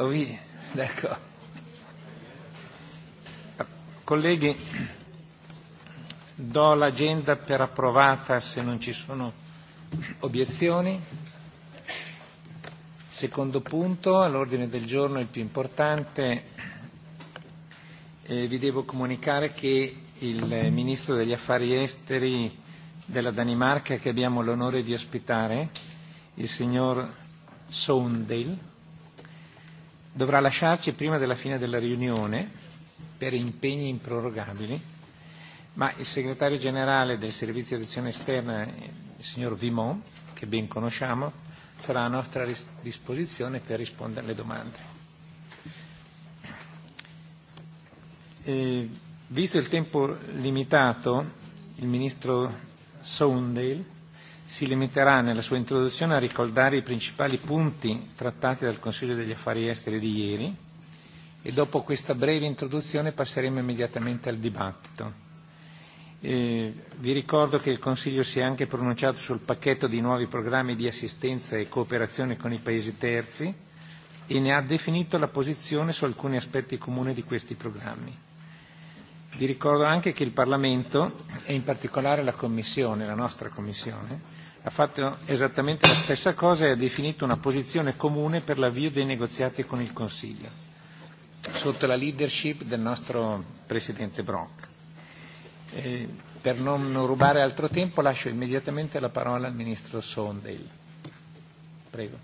Oui, d'accord. Colleghi, do l'agenda per approvata se non ci sono obiezioni. Secondo punto, all'ordine del giorno il più importante, eh, vi devo comunicare che il Ministro degli Affari Esteri della Danimarca che abbiamo l'onore di ospitare, il signor Soundale, dovrà lasciarci prima della fine della riunione per impegni improrogabili, ma il segretario generale del Servizio di Azione Esterna, il signor Vimon, che ben conosciamo, sarà a nostra disposizione per rispondere alle domande. Visto il tempo limitato, il ministro Soundale si limiterà nella sua introduzione a ricordare i principali punti trattati dal Consiglio degli affari esteri di ieri e dopo questa breve introduzione passeremo immediatamente al dibattito. Vi ricordo che il Consiglio si è anche pronunciato sul pacchetto di nuovi programmi di assistenza e cooperazione con i Paesi terzi e ne ha definito la posizione su alcuni aspetti comuni di questi programmi. Vi ricordo anche che il Parlamento e in particolare la Commissione, la nostra Commissione, ha fatto esattamente la stessa cosa e ha definito una posizione comune per l'avvio dei negoziati con il Consiglio, sotto la leadership del nostro Presidente Brock. Per non rubare altro tempo lascio immediatamente la parola al Ministro Sondale. Prego.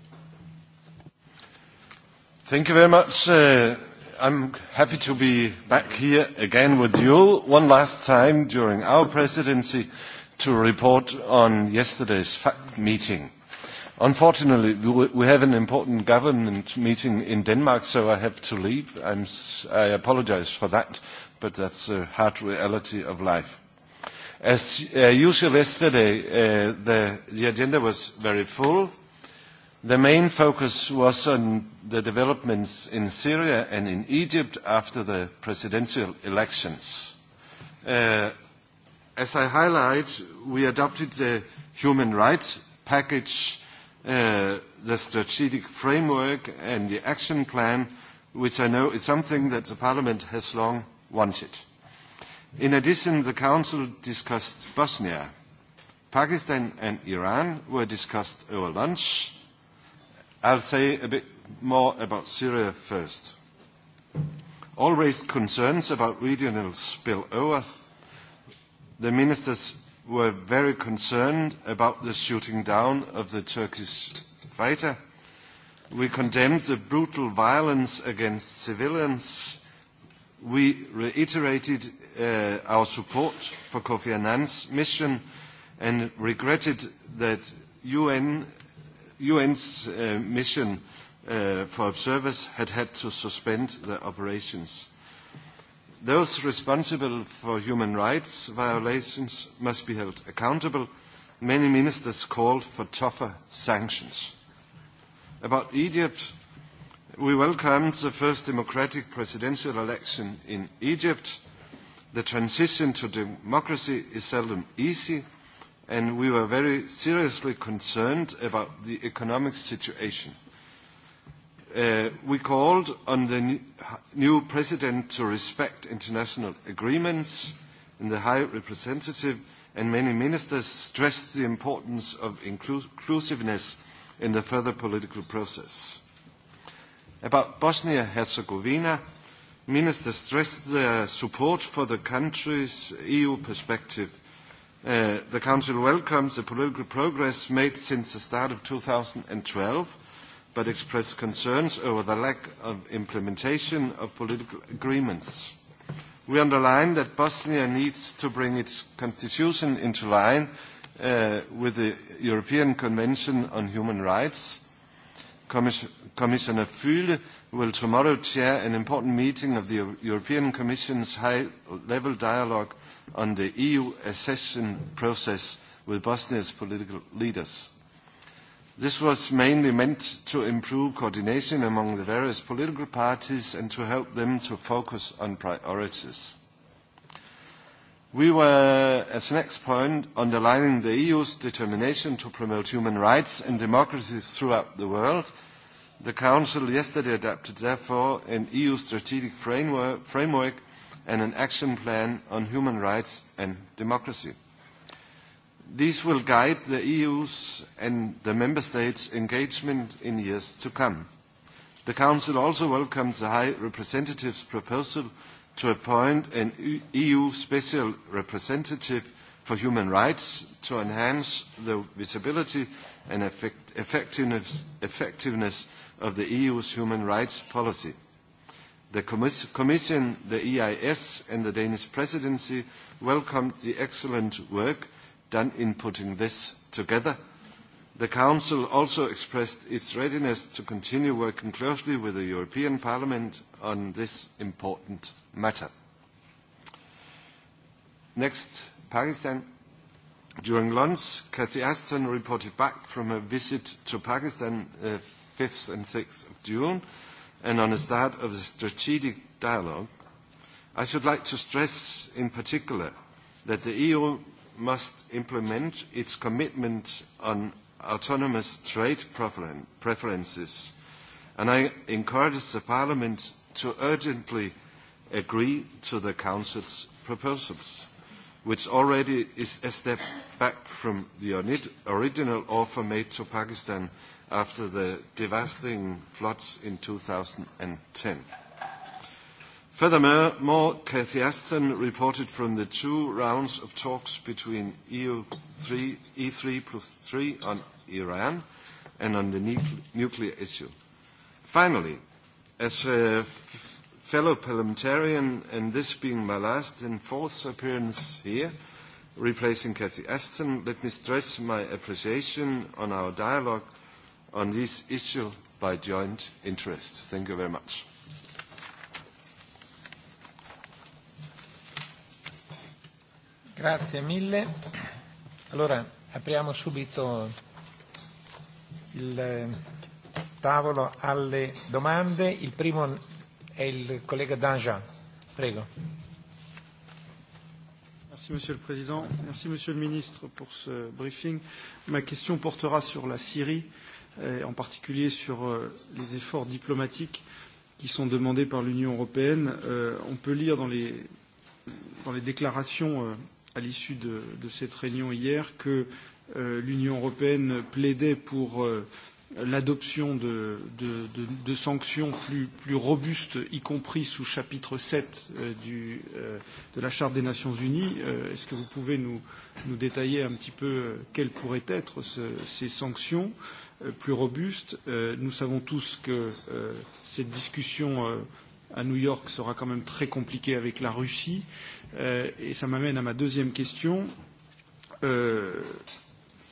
Thank you very much. I'm happy to be back here again with you one last time during our presidency to report on yesterday's fact meeting. Unfortunately, we have an important government meeting in Denmark, so I have to leave. I apologize for that, but that's a hard reality of life. As usual yesterday, the agenda was very full. The main focus was on the developments in Syria and in Egypt after the presidential elections. As I highlight, we adopted the human rights package, the strategic framework and the action plan, which I know is something that the Parliament has long wanted. In addition, the Council discussed Bosnia. Pakistan and Iran were discussed over lunch. I'll say a bit more about Syria first. All raised concerns about regional spillover the ministers were very concerned about the shooting down of the Turkish fighter. We condemned the brutal violence against civilians. We reiterated our support for Kofi Annan's mission and regretted that UN's mission for observers had had to suspend the operations. Those responsible for human rights violations must be held accountable. Many ministers called for tougher sanctions. About Egypt, we welcomed the first democratic presidential election in Egypt. The transition to democracy is seldom easy, and we were very seriously concerned about the economic situation. We called on the new President to respect international agreements, and the High Representative and many ministers stressed the importance of inclusiveness in the further political process. About Bosnia-Herzegovina, ministers stressed their support for the country's EU perspective. The Council welcomes the political progress made since the start of 2012 but expressed concerns over the lack of implementation of political agreements. We underline that Bosnia needs to bring its constitution into line with the European Convention on Human Rights. Commissioner Füle will tomorrow chair an important meeting of the European Commission's high-level dialogue on the EU accession process with Bosnia's political leaders. This was mainly meant to improve coordination among the various political parties and to help them to focus on priorities. We were, as next point, underlining the EU's determination to promote human rights and democracy throughout the world. The Council yesterday adopted, therefore, an EU strategic framework and an action plan on human rights and democracy. These will guide the EU's and the Member States' engagement in years to come. The Council also welcomes the High Representative's proposal to appoint an EU Special Representative for Human Rights to enhance the visibility and effectiveness of the EU's human rights policy. The Commission, the EIS and the Danish Presidency welcomed the excellent work done in putting this together. The Council also expressed its readiness to continue working closely with the European Parliament on this important matter. Next, Pakistan. During lunch, Cathy Ashton reported back from her visit to Pakistan 5th and 6th of June and on the start of the strategic dialogue. I should like to stress in particular that the EU must implement its commitment on autonomous trade preferences, and I encourage the Parliament to urgently agree to the Council's proposals, which already is a step back from the original offer made to Pakistan after the devastating floods in 2010. Furthermore, more Cathy Ashton reported from the two rounds of talks between EU E3 plus 3 on Iran and on the nuclear issue. Finally, as a fellow parliamentarian, and this being my last and fourth appearance here, replacing Cathy Ashton, let me stress my appreciation on our dialogue on this issue by joint interest. Thank you very much. Grazie mille. Allora, apriamo subito il tavolo alle domande. Il primo è il collega Danjean. Prego. Merci Monsieur le Président. Merci Monsieur le Ministre pour ce briefing. Ma question portera sur la Syrie, et en particulier sur les efforts diplomatiques qui sont demandés par l'Union européenne. On peut lire dans les, dans les déclarations à l'issue de, de cette réunion hier que l'Union européenne plaidait pour l'adoption de, de, de, de sanctions plus, plus robustes, y compris sous chapitre 7 du, de la Charte des Nations Unies. Est-ce que vous pouvez nous, nous détailler un petit peu quelles pourraient être ce, ces sanctions plus robustes Nous savons tous que cette discussion à New York sera quand même très compliquée avec la Russie et ça m'amène à ma deuxième question.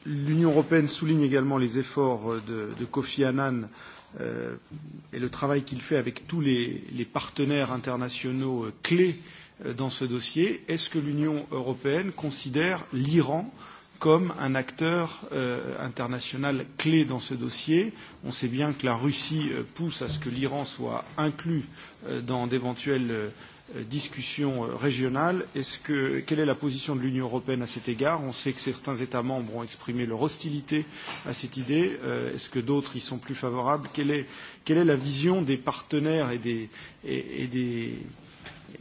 L'Union européenne souligne également les efforts de Kofi Annan et le travail qu'il fait avec tous les partenaires internationaux clés dans ce dossier. Est-ce que l'Union européenne considère l'Iran comme un acteur international clé dans ce dossier. On sait bien que la Russie pousse à ce que l'Iran soit inclus dans d'éventuelles discussions régionales. Est-ce que, quelle est la position de l'Union européenne à cet égard On sait que certains États membres ont exprimé leur hostilité à cette idée. Est-ce que d'autres y sont plus favorables quelle est, quelle est la vision des partenaires et des, et, et des,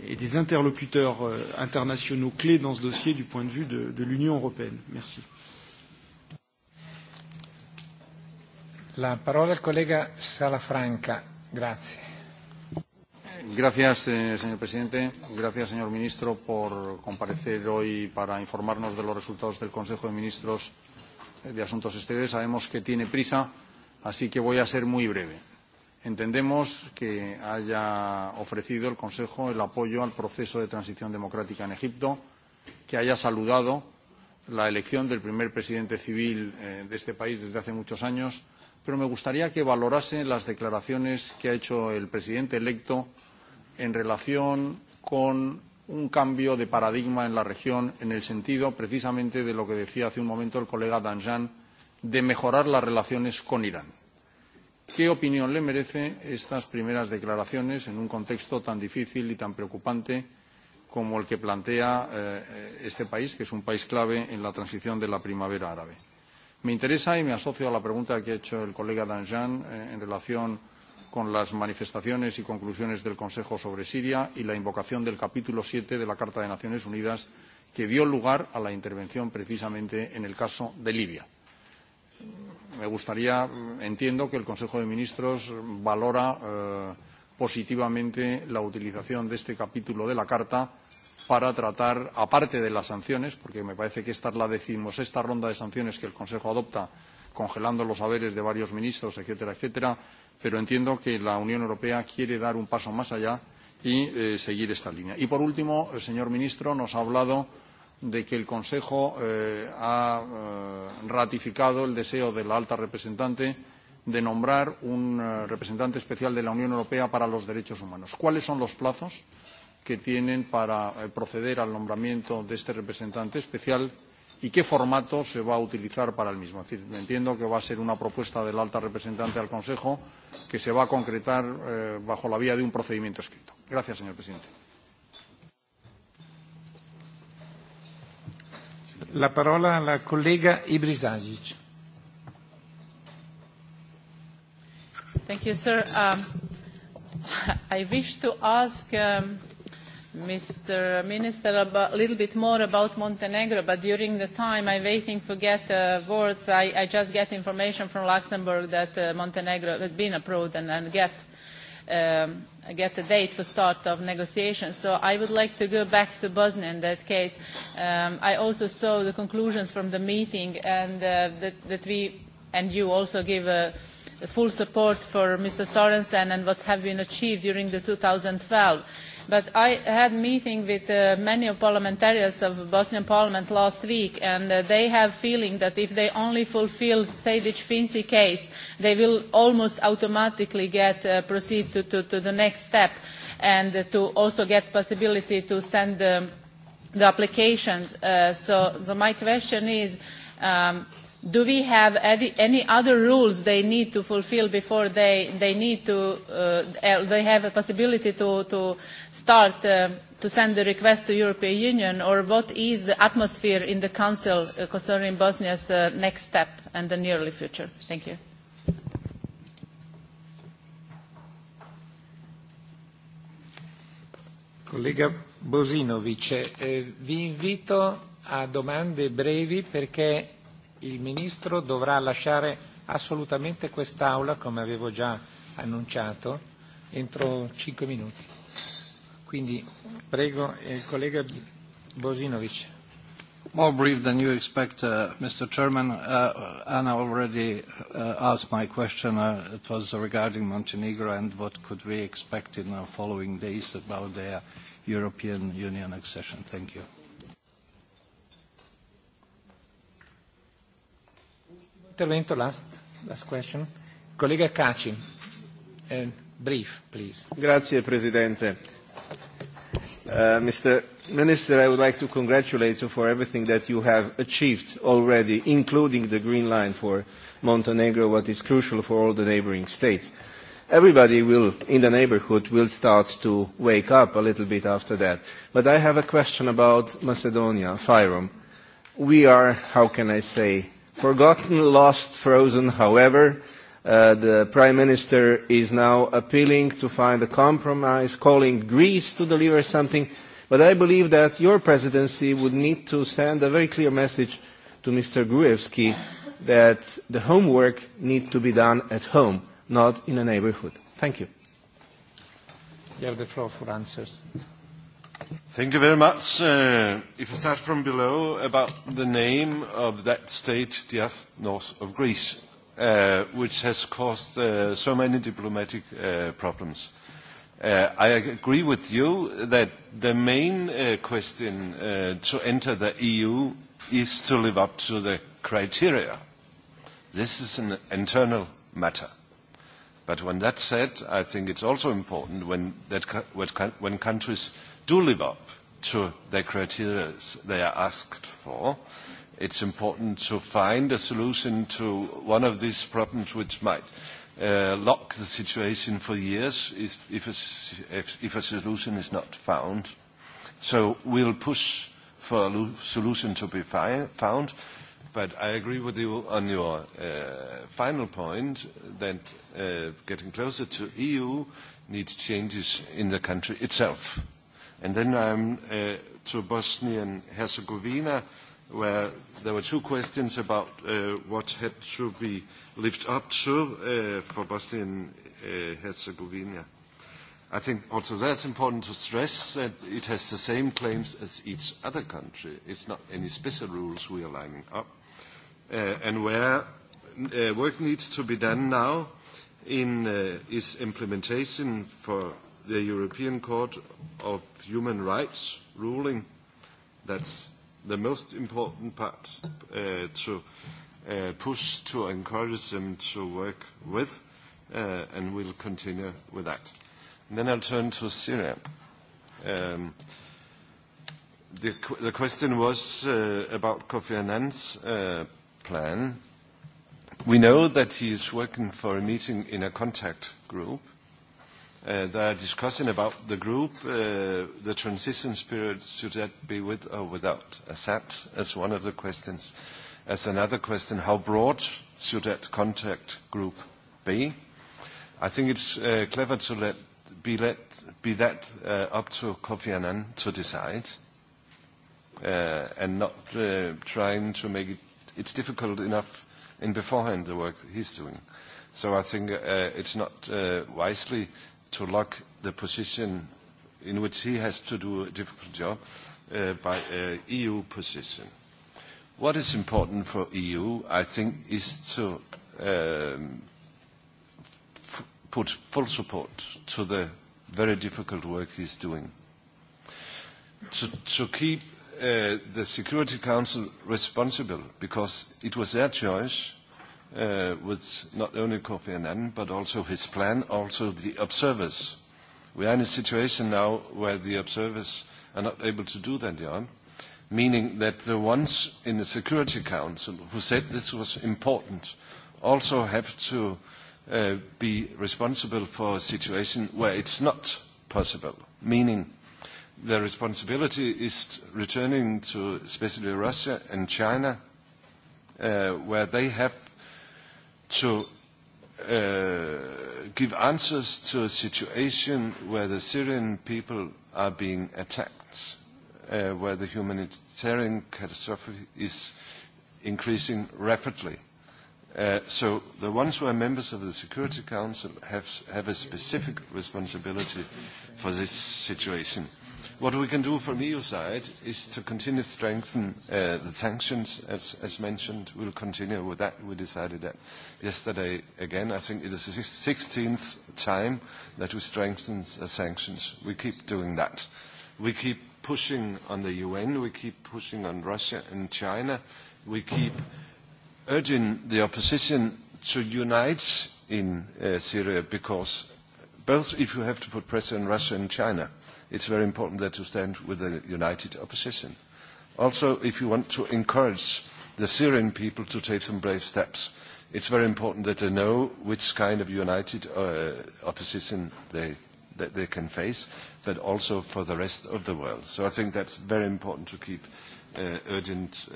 et des interlocuteurs internationaux clés dans ce dossier du point de vue de, de l'Union européenne Merci. La est al collega Salafranca. Grazie. Gracias, señor presidente. Gracias, señor ministro, por comparecer hoy para informarnos de los resultados del Consejo de Ministros de Asuntos Exteriores. Sabemos que tiene prisa, así que voy a ser muy breve. Entendemos que haya ofrecido el Consejo el apoyo al proceso de transición democrática en Egipto, que haya saludado la elección del primer presidente civil de este país desde hace muchos años, pero me gustaría que valorase las declaraciones que ha hecho el presidente electo en relación con un cambio de paradigma en la región en el sentido precisamente de lo que decía hace un momento el colega Danjan de mejorar las relaciones con Irán. ¿Qué opinión le merece estas primeras declaraciones en un contexto tan difícil y tan preocupante como el que plantea este país, que es un país clave en la transición de la primavera árabe? Me interesa y me asocio a la pregunta que ha hecho el colega Danjean en relación con las manifestaciones y conclusiones del Consejo sobre Siria y la invocación del capítulo 7 de la Carta de Naciones Unidas, que dio lugar a la intervención precisamente en el caso de Libia. Me gustaría, entiendo que el Consejo de Ministros valora positivamente la utilización de este capítulo de la Carta para tratar, aparte de las sanciones, porque me parece que esta es la esta ronda de sanciones que el Consejo adopta, congelando los haberes de varios ministros, etcétera, etcétera, pero entiendo que la Unión Europea quiere dar un paso más allá y seguir esta línea. Y, por último, el señor ministro nos ha hablado de que el Consejo ha ratificado el deseo de la alta representante de nombrar un representante especial de la Unión Europea para los derechos humanos. ¿Cuáles son los plazos que tienen para proceder al nombramiento de este representante especial y qué formato se va a utilizar para el mismo. Es decir, entiendo que va a ser una propuesta del alta representante al Consejo que se va a concretar bajo la vía de un procedimiento escrito. Gracias, señor presidente. La a la colega Ibrisagic. Thank you, sir. I wish to ask Mr. Minister, a little bit more about Montenegro, but during the time I'm waiting for get words, I just get information from Luxembourg that Montenegro has been approved and get get a date for start of negotiations. So I would like to go back to Bosnia in that case. I also saw the conclusions from the meeting and that we and you also give full support for Mr. Sorensen and what have been achieved during the 2012. But I had a meeting with many parliamentarians of Bosnian Parliament last week, and they have feeling that if they only fulfil Sejdic-Finci case, they will almost automatically proceed to the next step, and to also get the possibility to send the applications. So my question is Do we have any other rules they need to fulfill before they they need to they have a possibility to to start to send the request to European Union or what is the atmosphere in the Council concerning Bosnia's next step and the nearly future? Thank you. Collega Bosinovic, vi invito a domande brevi perché il Ministro dovrà lasciare assolutamente quest'Aula, come avevo già annunciato, entro cinque minuti. Quindi prego il collega Bosinovic. More brief than you expect, Mr. Chairman. Anna already asked my question. It was regarding Montenegro and what could we expect in the following days about their European Union accession. Thank you. Intervento last, last question. Collega Caci, brief, please. Grazie, Presidente. Mr. Minister, I would like to congratulate you for everything that you have achieved already, including the green line for Montenegro, what is crucial for all the neighboring states. Everybody will, in the neighborhood, will start to wake up a little bit after that. But I have a question about Macedonia, Fyrom. We are, how can I say, forgotten, lost, frozen. However, the Prime Minister is now appealing to find a compromise, calling Greece to deliver something. But I believe that your presidency would need to send a very clear message to Mr. Gruevski that the homework needs to be done at home, not in a neighborhood. Thank you. You have the floor for answers. Thank you very much. If I start from below, about the name of that state just north of Greece, which has caused so many diplomatic problems. I agree with you that the main question to enter the EU is to live up to the criteria. This is an internal matter. But when that's said, I think it's also important when that when countries do live up to the criteria they are asked for, it's important to find a solution to one of these problems which might lock the situation for years if a solution is not found. So we'll push for a solution to be found, but I agree with you on your final point that getting closer to EU needs changes in the country itself And then I'm to Bosnia and Herzegovina, where there were two questions about what had to be lived up to for Bosnia and Herzegovina. I think also that's important to stress that it has the same claims as each other country. It's not any special rules we are lining up. And where work needs to be done now in is implementation for the European Court of Human Rights ruling. That's the most important part to push to encourage them to work with, and we'll continue with that. Then I'll turn to Syria. The question was about Kofi Annan's plan. We know that he is working for a meeting in a contact group They are discussing about the group, the transition period, should that be with or without Assad, as one of the questions. As another question, how broad should that contact group be? I think it's clever to let be let be that up to Kofi Annan to decide, and not trying to make it. It's difficult enough in beforehand the work he's doing. So I think it's not wisely to lock the position in which he has to do a difficult job by EU position. What is important for EU, I think, is to put full support to the very difficult work he's doing. To keep the Security Council responsible, because it was their choice with not only Kofi Annan, but also his plan, also the observers. We are in a situation now where the observers are not able to do that, meaning that the ones in the Security Council who said this was important also have to be responsible for a situation where it's not possible, meaning the responsibility is returning to especially Russia and China, where they have to give answers to a situation where the Syrian people are being attacked, where the humanitarian catastrophe is increasing rapidly. So the ones who are members of the Security Council have a specific responsibility for this situation. What we can do from EU side is to continue to strengthen the sanctions, as mentioned. We'll continue with that. We decided that yesterday again. I think it is the 16th time that we strengthen the sanctions. We keep doing that. We keep pushing on the UN. We keep pushing on Russia and China. We keep urging the opposition to unite in Syria because both if you have to put pressure on Russia and China, it's very important that you stand with the united opposition. Also, if you want to encourage the Syrian people to take some brave steps, it's very important that they know which kind of united opposition they that they can face, but also for the rest of the world. So I think that's very important to keep urgent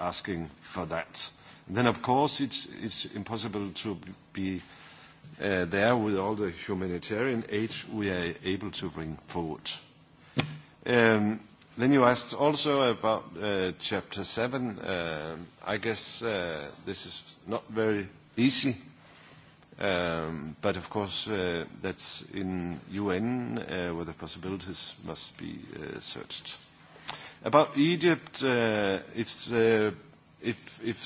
asking for that. Then, of course, it's impossible to be there with all the humanitarian aid we are able to bring forward. Then you asked also about Chapter 7. I guess this is not very easy, but of course that's in UN where the possibilities must be searched. About Egypt, if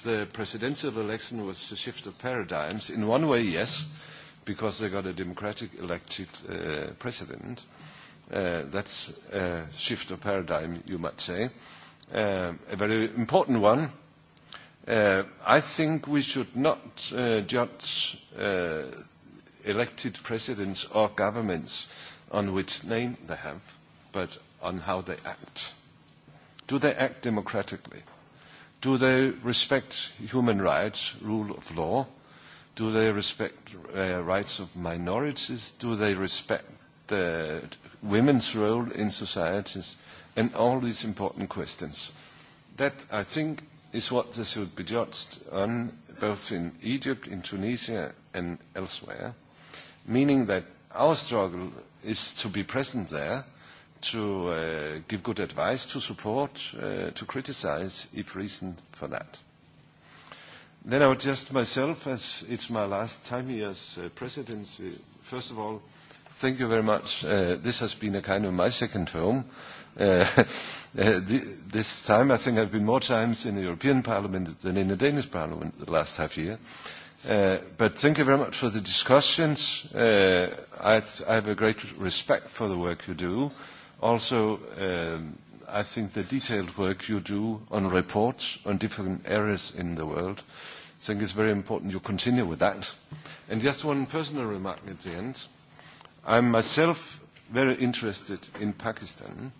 the presidential election was a shift of paradigms, in one way, yes because they got a democratic elected president. That's a shift of paradigm, you might say. A very important one. I think we should not judge elected presidents or governments on which name they have, but on how they act. Do they act democratically? Do they respect human rights, rule of law? Do they respect rights of minorities? Do they respect the women's role in societies? And all these important questions. That, I think, is what this should be judged on, both in Egypt, in Tunisia, and elsewhere, meaning that our struggle is to be present there, to give good advice, to support, to criticize, if reason for that. Then I would just myself, as it's my last time here as President, first of all, thank you very much. This has been a kind of my second home. This time I think I've been more times in the European Parliament than in the Danish Parliament the last half year. But thank you very much for the discussions. I have a great respect for the work you do. Also, I think the detailed work you do on reports on different areas in the world, I think it's very important you continue with that. And just one personal remark at the end. I'm myself very interested in Pakistan.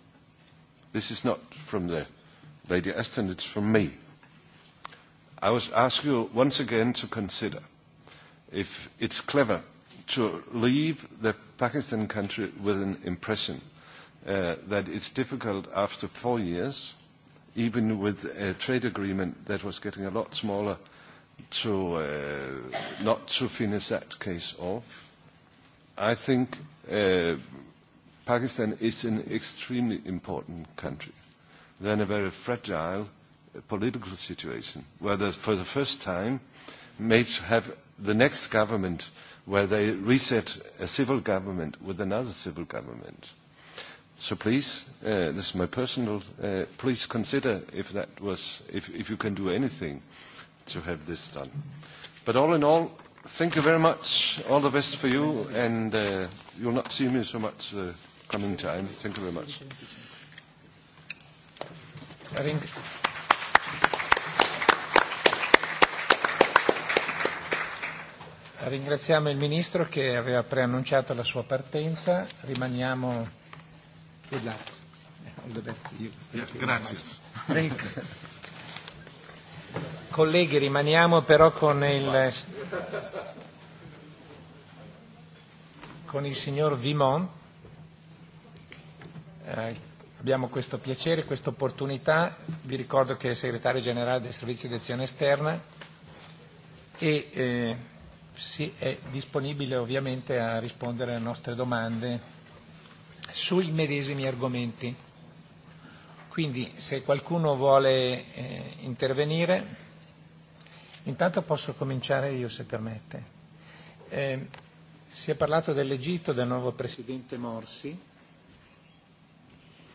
This is not from the Lady Ashton, it's from me. I would ask you once again to consider if it's clever to leave the Pakistan country with an impression that it's difficult after four years, even with a trade agreement that was getting a lot smaller, to not to finish that case off. I think Pakistan is an extremely important country. They're in a very fragile political situation, where for the first time may have the next government where they reset a civil government with another civil government. So please, this is my personal, please consider if that was, if if you can do anything to have this done. But all in all, thank you very much. All the best for you, and you'll not see me so much the coming time. Thank you very much. I Ringraziamo il Ministro che aveva preannunciato la sua partenza. Rimaniamo Good luck. All the best to you. grazie. Colleghi, rimaniamo però con il con il signor Vimon. Eh, abbiamo questo piacere, questa opportunità. Vi ricordo che è segretario generale dei servizi di azione esterna e si è disponibile ovviamente a rispondere alle nostre domande sui medesimi argomenti. Quindi se qualcuno vuole intervenire, intanto posso cominciare io se permette. si è parlato dell'Egitto, del nuovo Presidente Morsi.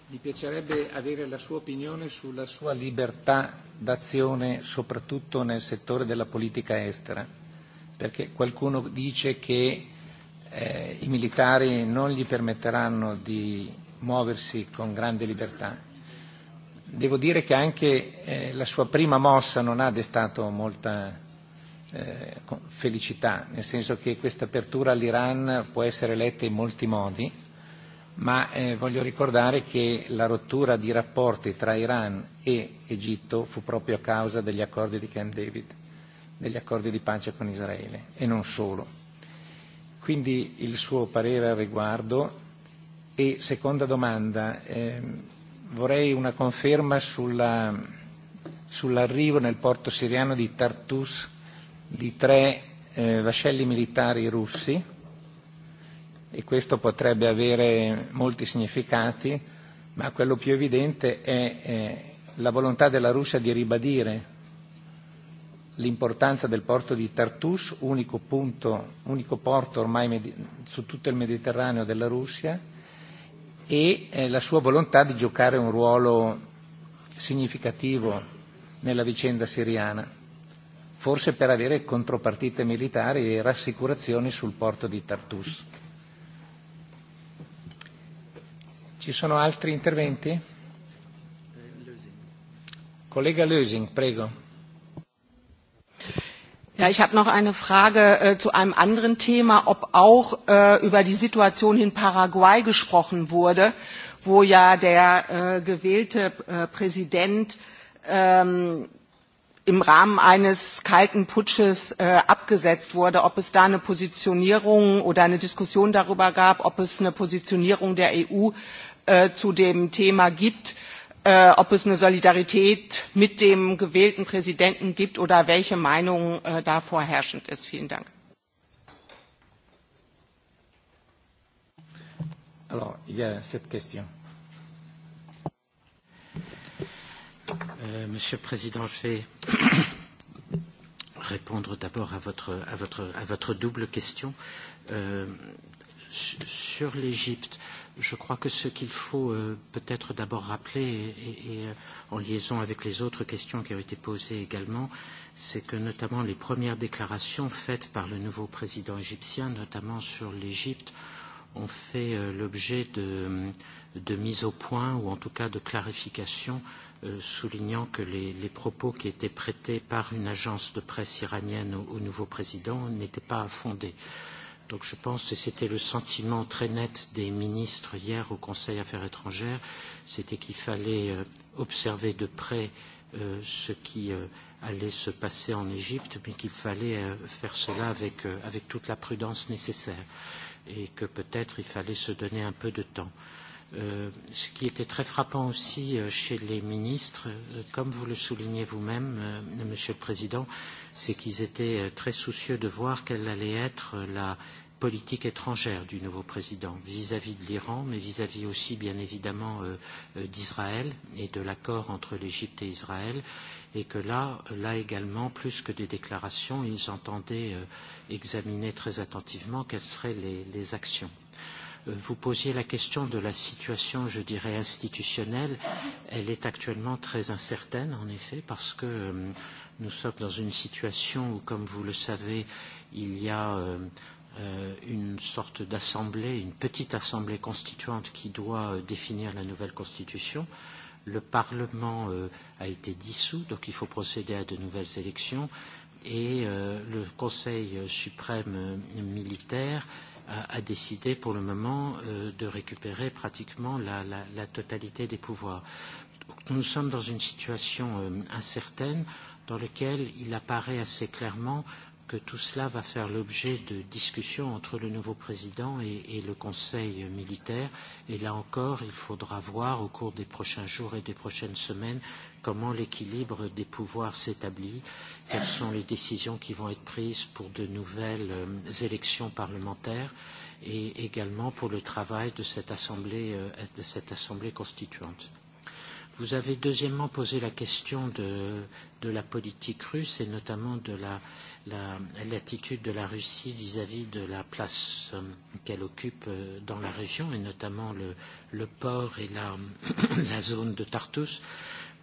Mi piacerebbe avere la sua opinione sulla sua libertà d'azione, soprattutto nel settore della politica estera, perché qualcuno dice che eh, i militari non gli permetteranno di muoversi con grande libertà. Devo dire che anche la sua prima mossa non ha destato molta felicità, nel senso che questa apertura all'Iran può essere letta in molti modi, ma voglio ricordare che la rottura di rapporti tra Iran e Egitto fu proprio a causa degli accordi di Camp David, degli accordi di pace con Israele e non solo Quindi il suo parere al riguardo. E seconda domanda, vorrei una conferma sulla, sull'arrivo nel porto siriano di Tartus di tre vascelli militari russi e questo potrebbe avere molti significati, ma quello più evidente è la volontà della Russia di ribadire l'importanza del porto di Tartus, unico, punto, unico porto ormai su tutto il Mediterraneo della Russia, e la sua volontà di giocare un ruolo significativo nella vicenda siriana, forse per avere contropartite militari e rassicurazioni sul porto di Tartus. Ci sono altri interventi? Collega Lösing, prego. Ja, ich habe noch eine Frage zu einem anderen Thema, ob auch über die Situation in Paraguay gesprochen wurde, wo ja der gewählte Präsident im Rahmen eines kalten Putsches abgesetzt wurde, ob es da eine Positionierung oder eine Diskussion darüber gab, ob es eine Positionierung der EU zu dem Thema gibt ob es eine Solidarität mit dem gewählten Präsidenten gibt oder welche Meinung da vorherrschend ist. Vielen Dank. Alors, il y a cette question. Monsieur le Président, je vais répondre d'abord à votre, à, votre, à votre double question sur l'Égypte, je crois que ce qu'il faut peut-être d'abord rappeler, et en liaison avec les autres questions qui ont été posées également, c'est que notamment les premières déclarations faites par le nouveau président égyptien, notamment sur l'Égypte, ont fait l'objet de, de mise au point ou en tout cas de clarification, soulignant que les, les propos qui étaient prêtés par une agence de presse iranienne au, nouveau président n'étaient pas fondés. Donc je pense, et c'était le sentiment très net des ministres hier au Conseil Affaires étrangères, c'était qu'il fallait observer de près ce qui allait se passer en Égypte, mais qu'il fallait faire cela avec, avec toute la prudence nécessaire et que peut-être il fallait se donner un peu de temps. Ce qui était très frappant aussi chez les ministres, comme vous le soulignez vous-même, Monsieur le Président, c'est qu'ils étaient très soucieux de voir quelle allait être la politique étrangère du nouveau président vis-à-vis de l'Iran, mais vis-à-vis aussi, bien évidemment, d'Israël et de l'accord entre l'Égypte et Israël, et que là, là également, plus que des déclarations, ils entendaient examiner très attentivement quelles seraient les actions. Vous posiez la question de la situation, je dirais, institutionnelle. Elle est actuellement très incertaine, en effet, parce que nous sommes dans une situation où, comme vous le savez, il y a une sorte d'assemblée, une petite assemblée constituante qui doit définir la nouvelle constitution. Le Parlement a été dissous, donc il faut procéder à de nouvelles élections. Et le Conseil suprême militaire a décidé pour le moment de récupérer pratiquement la totalité des pouvoirs. Nous sommes dans une situation incertaine dans laquelle il apparaît assez clairement que tout cela va faire l'objet de discussions entre le nouveau président et le Conseil militaire. Et là encore, il faudra voir au cours des prochains jours et des prochaines semaines comment l'équilibre des pouvoirs s'établit, quelles sont les décisions qui vont être prises pour de nouvelles élections parlementaires et également pour le travail de cette Assemblée, de cette assemblée constituante. Vous avez deuxièmement posé la question de, de la politique russe et notamment de l'attitude la, de la Russie vis-à-vis de la place qu'elle occupe dans la région et notamment le, port et la, la zone de Tartus.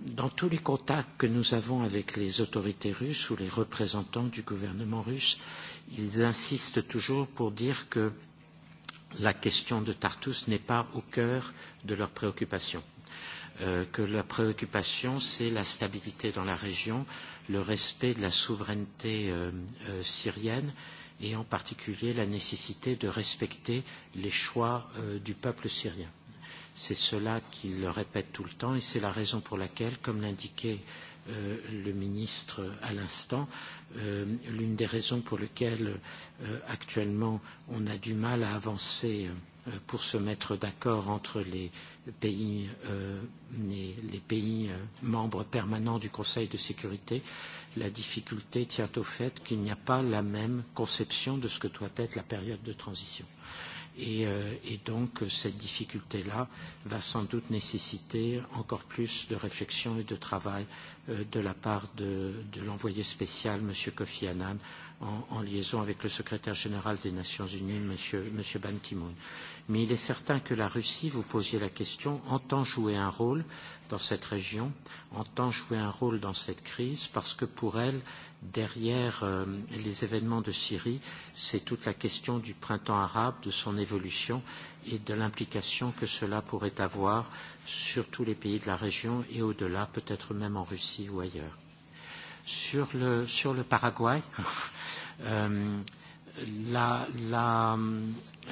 Dans tous les contacts que nous avons avec les autorités russes ou les représentants du gouvernement russe, ils insistent toujours pour dire que la question de Tartus n'est pas au cœur de leurs préoccupations que la préoccupation, c'est la stabilité dans la région, le respect de la souveraineté syrienne et en particulier la nécessité de respecter les choix du peuple syrien. C'est cela qu'il répète tout le temps et c'est la raison pour laquelle, comme l'indiquait le ministre à l'instant, l'une des raisons pour lesquelles actuellement on a du mal à avancer pour se mettre d'accord entre les pays, les pays membres permanents du Conseil de sécurité. La difficulté tient au fait qu'il n'y a pas la même conception de ce que doit être la période de transition. Et donc, cette difficulté-là va sans doute nécessiter encore plus de réflexion et de travail de la part de l'envoyé spécial, M. Kofi Annan, en liaison avec le secrétaire général des Nations Unies, M. Ban Ki-moon mais il est certain que la Russie, vous posiez la question, entend jouer un rôle dans cette région, entend jouer un rôle dans cette crise, parce que pour elle, derrière les événements de Syrie, c'est toute la question du printemps arabe, de son évolution et de l'implication que cela pourrait avoir sur tous les pays de la région et au-delà, peut-être même en Russie ou ailleurs. Sur le Paraguay,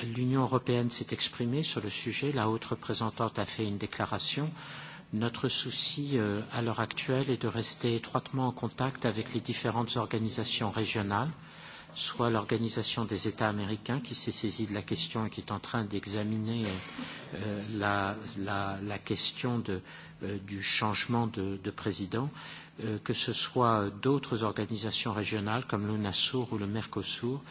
L'Union européenne s'est exprimée sur le sujet. La haute représentante a fait une déclaration. Notre souci à l'heure actuelle est de rester étroitement en contact avec les différentes organisations régionales, soit l'Organisation des États américains qui s'est saisie de la question et qui est en train d'examiner la question du changement de président, que ce soit d'autres organisations régionales comme l'UNASUR ou le Mercosur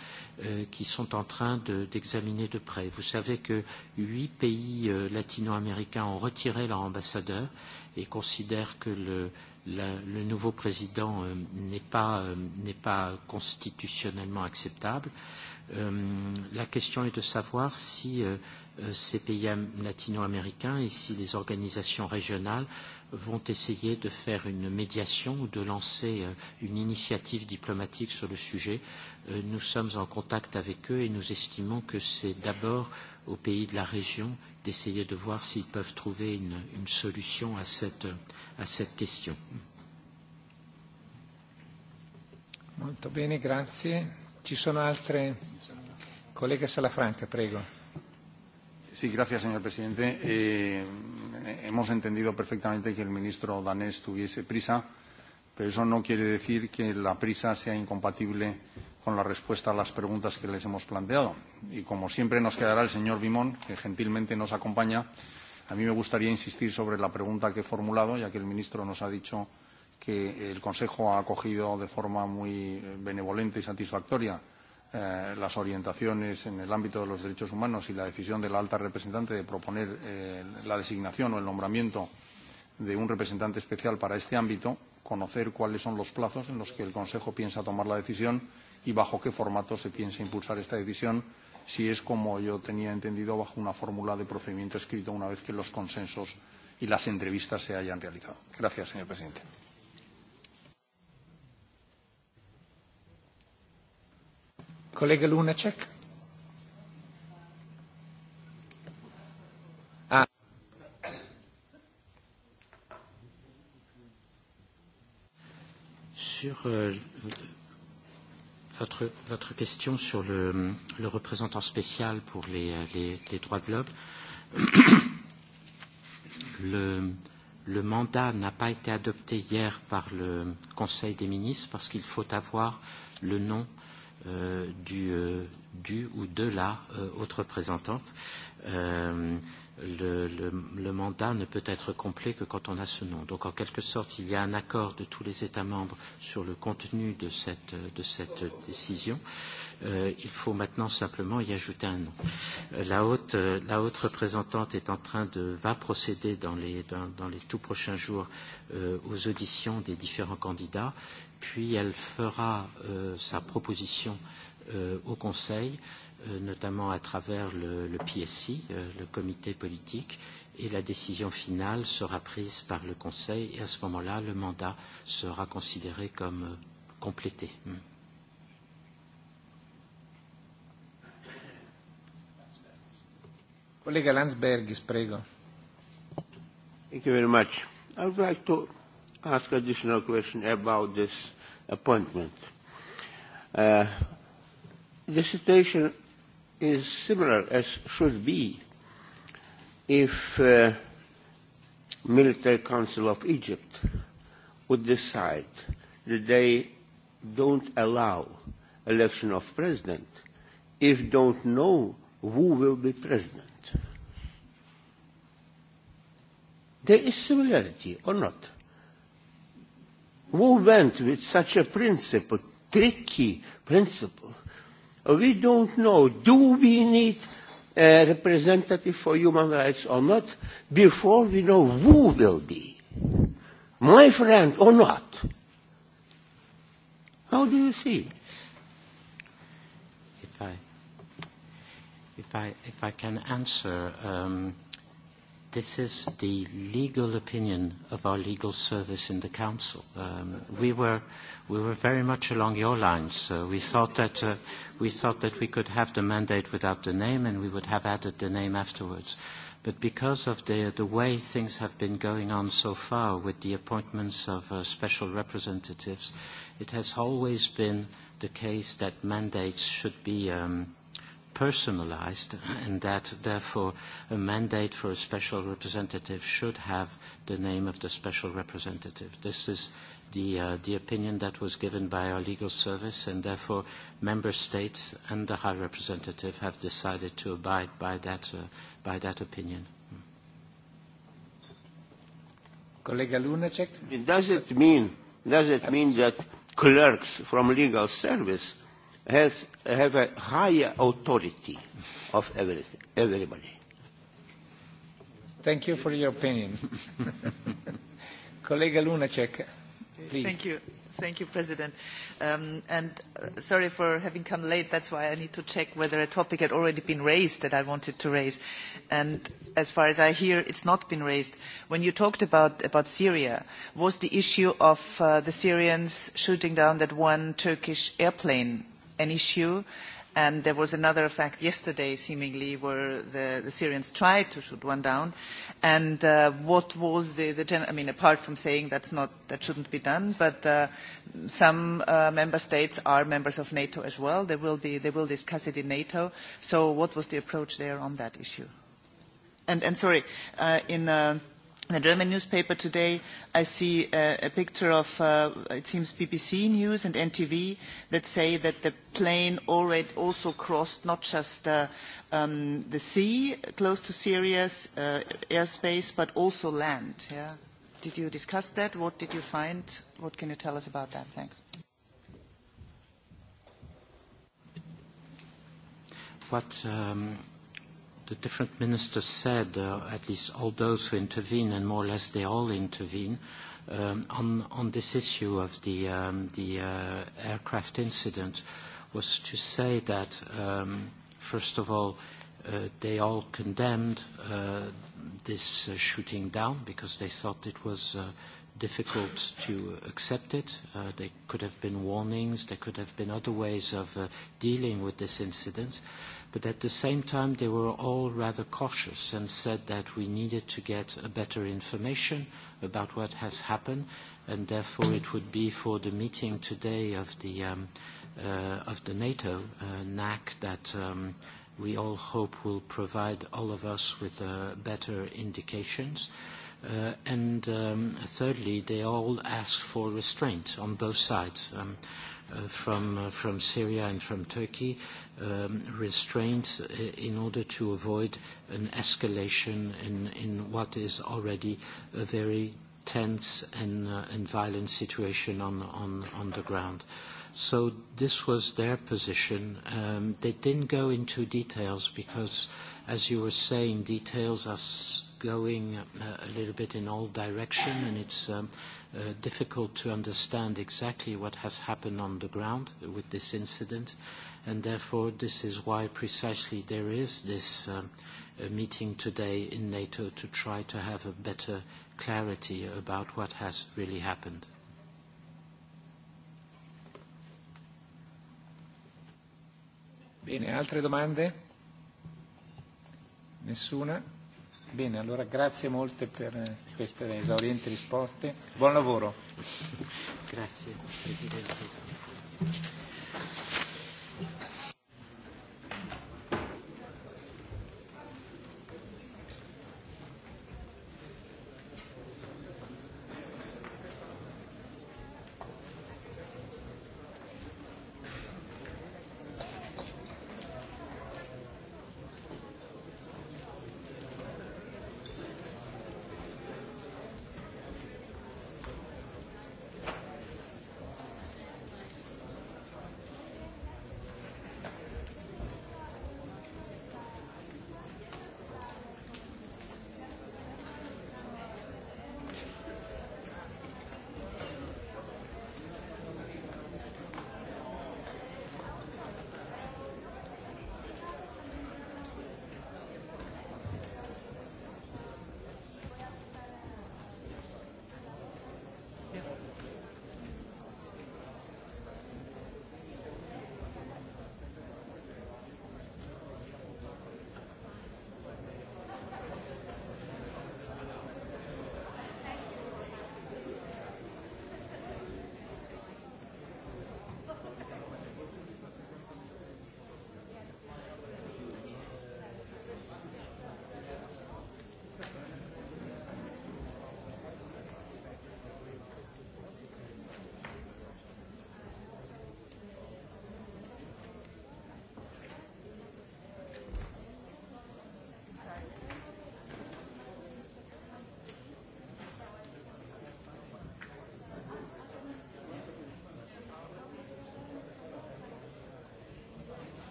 qui sont en train d'examiner de près. Vous savez que huit pays latino-américains ont retiré leur ambassadeur et considèrent que le le nouveau président n'est pas n'est pas constitutionnellement acceptable. La question est de savoir si ces pays latino-américains et si les organisations régionales vont essayer de faire une médiation ou de lancer une initiative diplomatique sur le sujet. Nous sommes en contact avec eux et nous estimons que c'est d'abord aux pays de la région d'essayer de voir s'ils peuvent trouver une solution à cette question. Molto bene, grazie. Ci sono altre... Collega Salafranca, prego. Sí, gracias, señor presidente. hemos entendido perfectamente que el ministro danés tuviese prisa, pero eso no quiere decir que la prisa sea incompatible con la respuesta a las preguntas que les hemos planteado. Y como siempre nos quedará el señor Vimón, que gentilmente nos acompaña, a mí me gustaría insistir sobre la pregunta que he formulado, ya que el ministro nos ha dicho que el Consejo ha acogido de forma muy benevolente y satisfactoria las orientaciones en el ámbito de los derechos humanos y la decisión de la alta representante de proponer la designación o el nombramiento de un representante especial para este ámbito, conocer cuáles son los plazos en los que el Consejo piensa tomar la decisión y bajo qué formato se piensa impulsar esta decisión, si es como yo tenía entendido bajo una fórmula de procedimiento escrito una vez que los consensos y las entrevistas se hayan realizado. Gracias, señor presidente. Lunacek. Sur votre, votre question sur le, le représentant spécial pour les, les, les droits de l'homme, le, le mandat n'a pas été adopté hier par le Conseil des ministres parce qu'il faut avoir le nom du ou de la haute représentante le mandat ne peut être complet que quand on a ce nom. Donc, en quelque sorte, il y a un accord de tous les États membres sur le contenu de cette décision. Il faut maintenant simplement y ajouter un nom. La haute représentante est en train de va procéder dans les tout prochains jours aux auditions des différents candidats, puis elle fera sa proposition au Conseil notamment à travers le le PSI, le comité politique, et la décision finale sera prise par le Conseil, et à ce moment-là, le mandat sera considéré comme complété. Collega Landsbergis, prego. Thank you very much. I would like to ask additional question about this appointment. The situation is similar as should be if military council of Egypt would decide that they don't allow election of president if don't know who will be president. There is similarity or not. Who went with such a principle, tricky principle, we don't know do we need a representative for human rights or not before we know who will be my friend or not. How do you see? If I, if I, if I can answer. Um, This is the legal opinion of our legal service in the Council. We were very much along your lines. We thought that we could have the mandate without the name, and we would have added the name afterwards. But because of the way things have been going on so far with the appointments of special representatives, it has always been the case that mandates should be personalized and that therefore a mandate for a special representative should have the name of the special representative. This is the the opinion that was given by our legal service and therefore member states and the high representative have decided to abide by that by that opinion. Does it mean does it mean that clerks from legal service has have a higher authority of everybody. Thank you for your opinion. Colleague Lunacek, please. Thank you. Thank you, President. And sorry for having come late. That's why I need to check whether a topic had already been raised that I wanted to raise. And as far as I hear, it's not been raised. When you talked about Syria, was the issue of the Syrians shooting down that one Turkish airplane an issue. And there was another fact yesterday, seemingly, where the Syrians tried to shoot one down. And what was the, I mean, apart from saying that's not, that shouldn't be done, but some member states are members of NATO as well. They will be, they will discuss it in NATO. So what was the approach there on that issue? And sorry, in In the German newspaper today, I see a picture of, it seems, BBC News and NTV that say that the plane already also crossed not just the sea close to Syria's airspace, but also land. Did you discuss that? What did you find? What can you tell us about that? Thanks. What the different ministers said, at least all those who intervene, and more or less they all intervene, on this issue of the aircraft incident was to say that, first of all, they all condemned this shooting down because they thought it was difficult to accept it. There could have been warnings. There could have been other ways of dealing with this incident. But at the same time, they were all rather cautious and said that we needed to get better information about what has happened, and therefore it would be for the meeting today of the of the NATO NAC that we all hope will provide all of us with better indications. And thirdly, they all asked for restraint on both sides, from Syria and from Turkey, restraints in order to avoid an escalation in what is already a very tense and violent situation on the ground. So this was their position. They didn't go into details because, as you were saying, details are going a little bit in all direction and it's difficult to understand exactly what has happened on the ground with this incident and therefore this is why precisely there is this meeting today in NATO to try to have a better clarity about what has really happened. Bene, altre domande? Nessuna? Bene, allora grazie molte per queste esaurienti risposte. Buon lavoro. Grazie, Presidente.